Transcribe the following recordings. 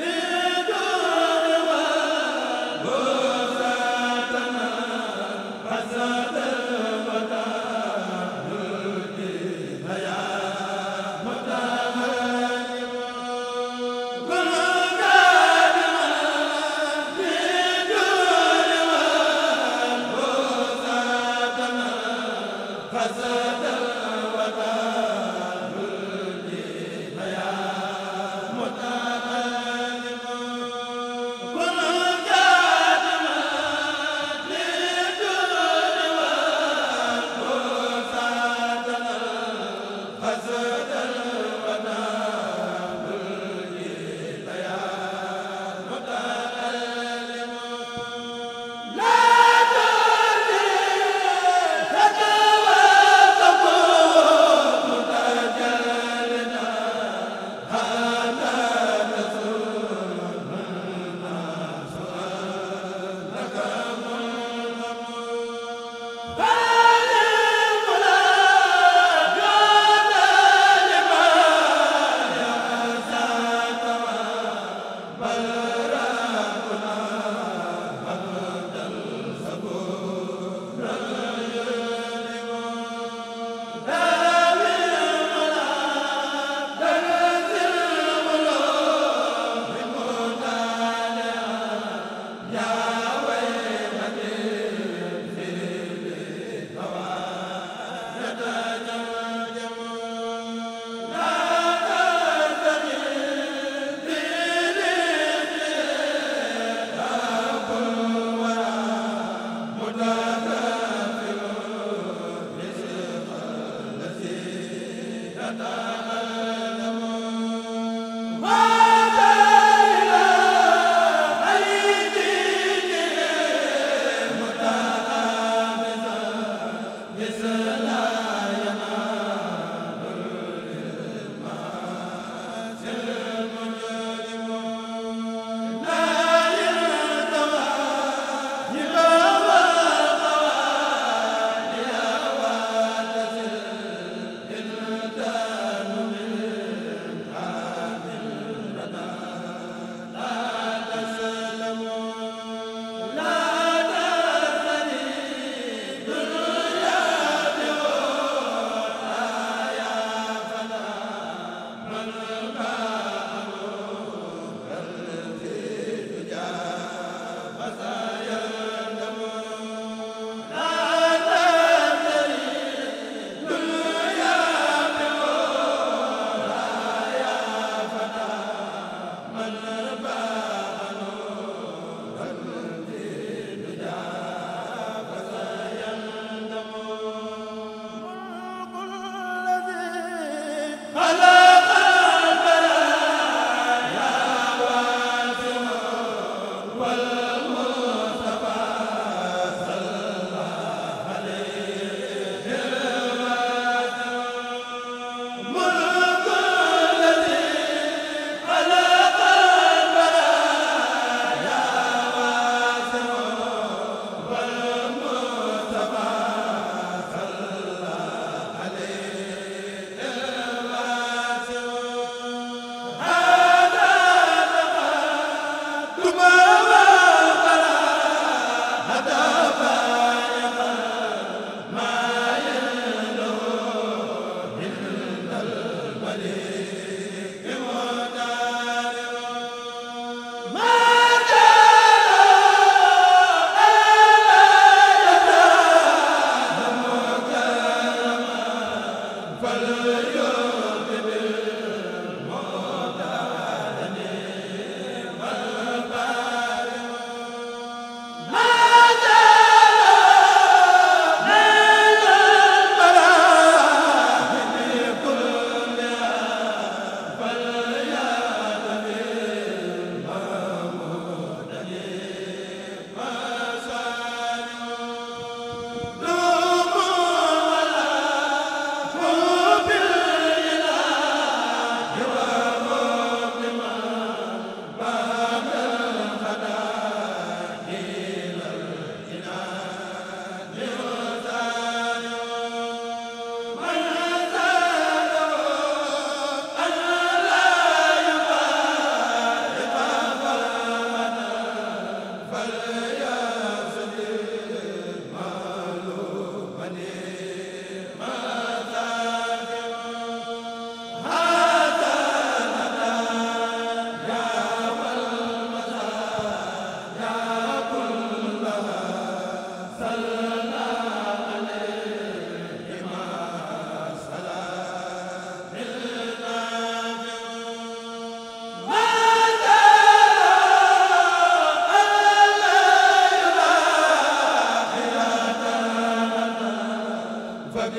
Live!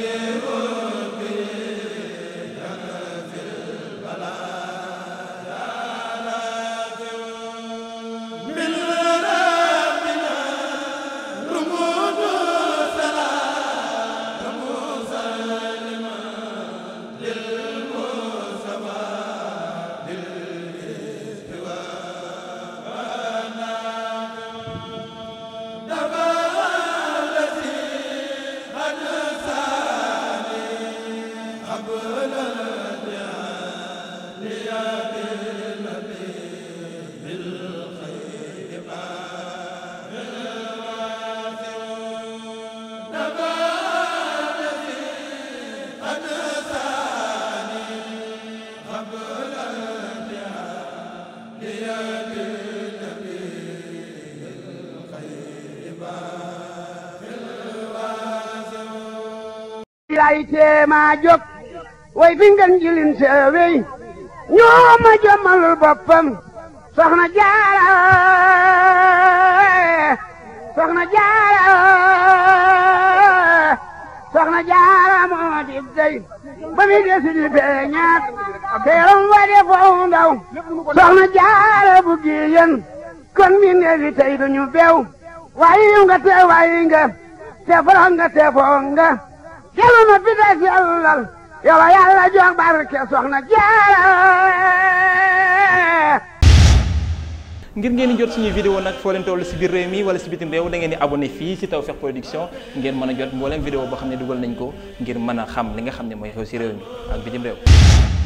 Rabbi ay teema jóg way fi ngeen jilin seewey ñoo ma jommalul boppam soxna jaara soxna jaara moo di dey ba mi desi di beeñaat teeram wa de foofu soxna jaara bu giyen kon mi neefi tey duñu beew waayi nga te waayi nga te foro nga te foo nga yàlla na fi des yàllal yow yàlla jox barke soxna ngir ngeen jot suñuy vidéo nag foo leen toll si biir réew mi wala si bitim réew dangeen di abonné fii si Tawfekh Production ngeen mën a jot mbooleem vidéo boo xam ne dugal nañ ko ngir mën a xam li nga xam ne mooy xew si réew mi ak bitim réew